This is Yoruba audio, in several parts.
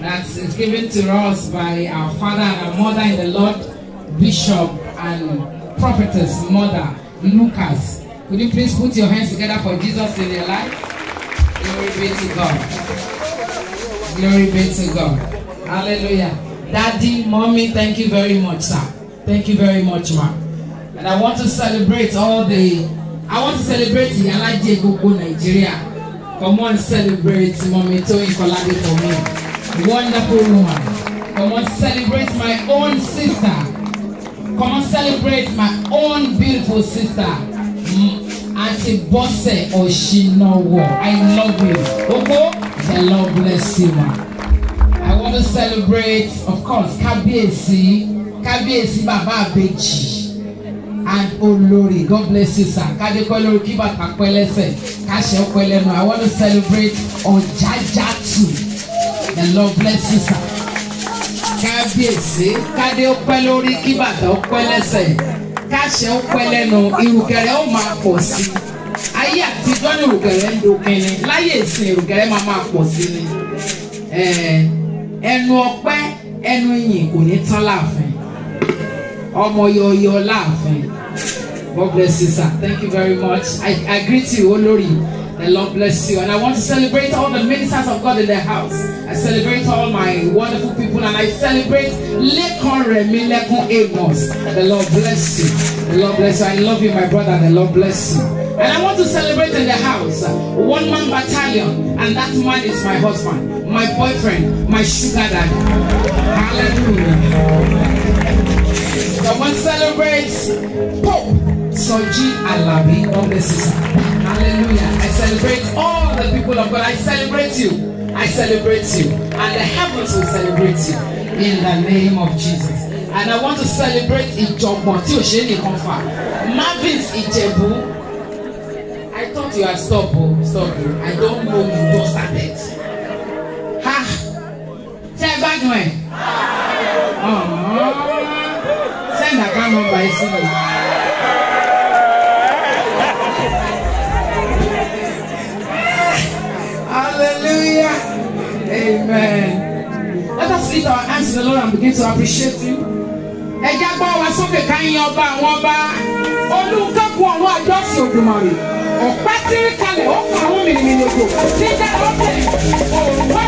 that is given to us by our father and our mother in the Lord, Bishop and Prophetess Mother Lucas. Could you please put your hands together for Jesus in your life? Glory be to God. Glory be to God. Hallelujah. Daddy, mommy, thank you very much, sir. Thank you very much, ma. And I want to celebrate all the, I want to celebrate the Alaje Gogo Nigeria. Come on, celebrate Mommy Toyin Kolade for me. Wonderful woman. Come on, celebrate my own sister. Come on, celebrate my own beautiful sister. Mm, Auntie Bose Oshinowo. I love you. Oko, the Lord bless you, ma. I want to celebrate, of course, Kabiyesi, Kabiyesi Baba Abeji, and Olori. God bless you, sir. Kadekolori, keep up, Akwelese. Ashekwelemo. I want to celebrate Ojajatu. The Lord bless you, sir. Kábíyèsí, kádé ó pẹ́ lórí, kí bàtà ó pẹ́ lẹ́sẹ̀. Káṣẹ ó pẹ́ lẹ́nu, ìrùkẹ̀rẹ̀ ó máa pọ̀ sí i. Ayé àtijọ́ ni ìrùkẹ̀rẹ̀ ń dokin ni. Láyé ìsìn ìrùkẹ̀rẹ̀ máa máa pọ̀ sí ni. Ẹnu ọpẹ́, ẹnu ìyìn kò ní tán láàfin. Ọmọ yọ̀ọ̀yọ̀ láàfin. God bless you, sir. Thank you very much. I, I greet you, Olori. The Lord bless you. And I want to celebrate all the ministers of God in the house. I celebrate all my wonderful people and I celebrate Lekon Remi, Lekon Amos. The Lord bless you. The Lord bless you. I love you, my brother. The Lord bless you. And I want to celebrate in the house one man battalion, and that man is my husband, my boyfriend, my sugar daddy. Hallelujah. Someone celebrates Pope. Soji Alabi, God bless you, Hallelujah. I celebrate all the people of God. I celebrate you. I celebrate you. And the heavens will celebrate you in the name of Jesus. And I want to celebrate Ìjọ̀gbọ̀n tí ò ṣe nìkan fà. Marvins Ìjẹ̀bú. I thought you had stopped o, oh, stopped o. Oh. I don't know you just it. Ha! Ṣé ẹ gbádùn Send a number ẹ sí and begin to appreciate you. ẹ já gbọ́ wa sókè ká yìn ọba àwọn ọba olùkọ́kù ọ̀run àjọsìn Òdùmarè ọ̀pá tí ń kalẹ̀ ó kà àwọn mìnìmìnì ògbò tí ó tẹ̀lé òrùn wá.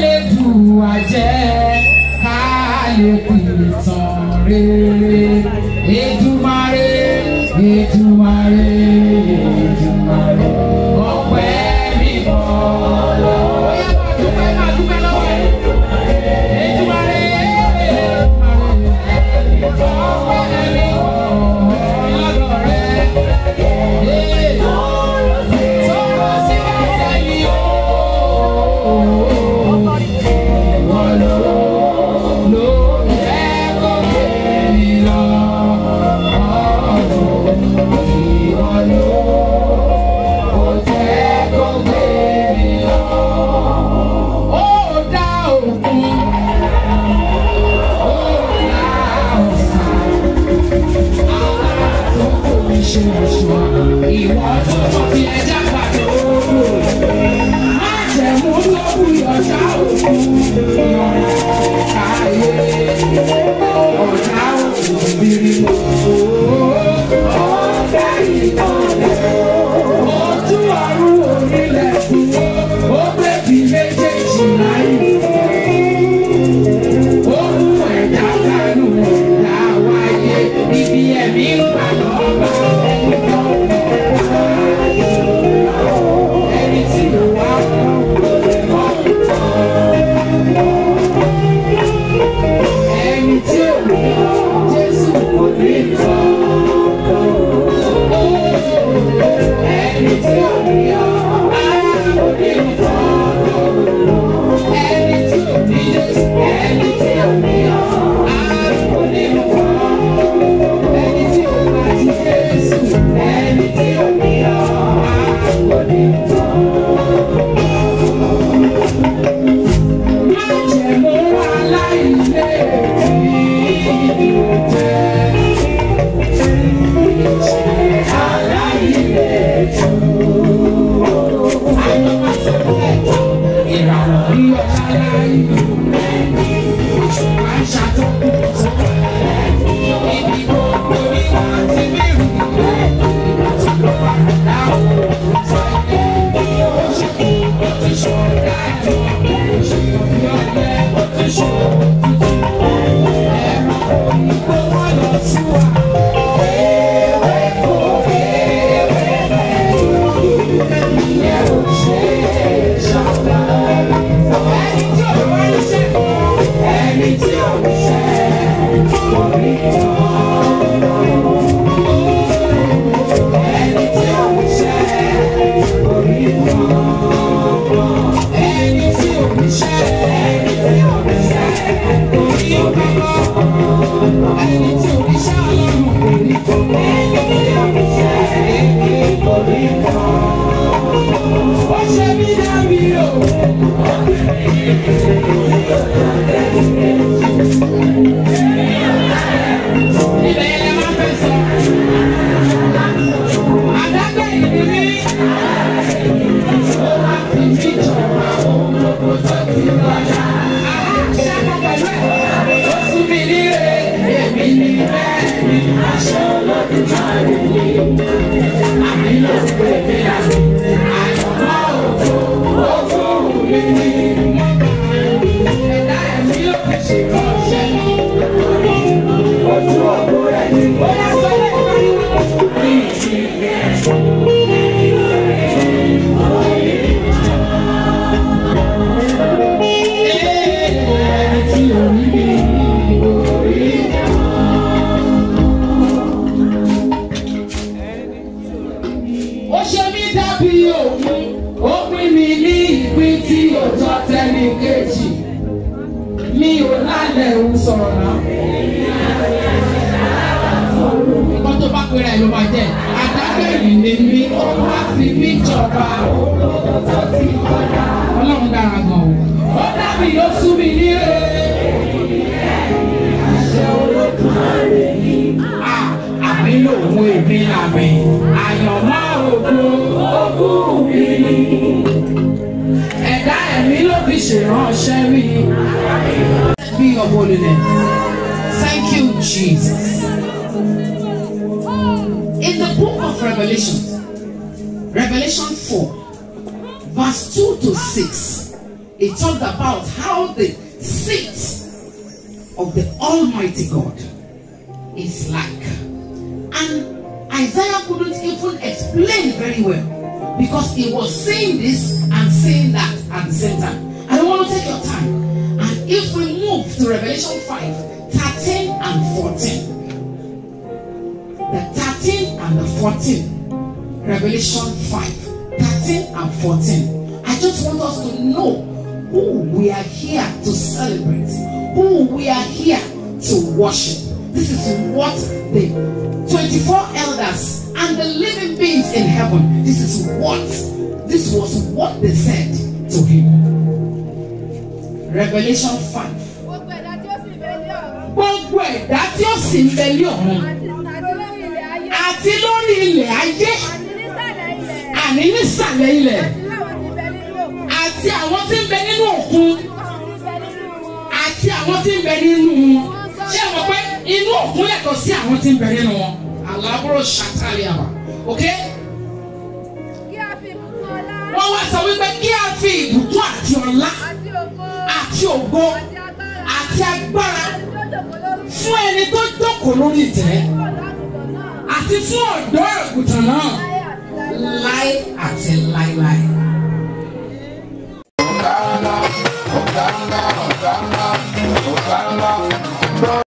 Elédùà jẹ́ ká lè pìtàn rere Èdùmàrè Èdùmàrè. fi ẹja pàtó. Má jẹ̀mú lókù yọ̀ọ̀ṣá òkú. orí wọn ẹni tí orí ṣáà lọ́rùn àlẹ́ òun sọ̀rọ̀ náà. Nǹkan tó bá pera ẹ̀ ló máa jẹ́. Àdágbèrè lè mí ó wá sí bí ìjọba olóko tó ti kọjá. Ọlọ́run dára gan o. Ó dábì ó sún mi ní ẹ̀. Àṣẹ Olódùmarè ni. Àmì lòun èmi làmì, àyànmọ́ ògo, ogún mi ni ẹ̀dá ẹ̀mí ló fi ṣèránṣẹ́ mi. of holiness. Thank you, Jesus. In the book of Revelation, Revelation 4, verse 2 to 6, it talked about how the seat of the Almighty God is like. And Isaiah couldn't even explain very well because he was saying this and saying that at the same time. I don't want to take your time. And if we to Revelation 5 13 and 14. The 13 and the 14. Revelation 5 13 and 14. I just want us to know who we are here to celebrate, who we are here to worship. This is what the 24 elders and the living beings in heaven, this is what, this was what they said to him. Revelation 5 gbogbo ẹ̀dá tí ó sì ń bẹ ní ọ̀run àti lórí ilẹ̀ ayé àní nísàlẹ̀ ilẹ̀ àti àwọn tí ń bẹ nínú òkun àti àwọn tí ń bẹ nínú wọn ṣé wọn pé inú òkun yàtọ̀ sí àwọn tí ń bẹ nínú wọn alábúrò ṣàtàlẹ̀ àwà ok. wọ́n wá sọ wípé kí a. jókòó lórí ìtẹ́ àti fún ọ̀dọ́ àgùntàn náà láé àti láéláé. Ọ̀gá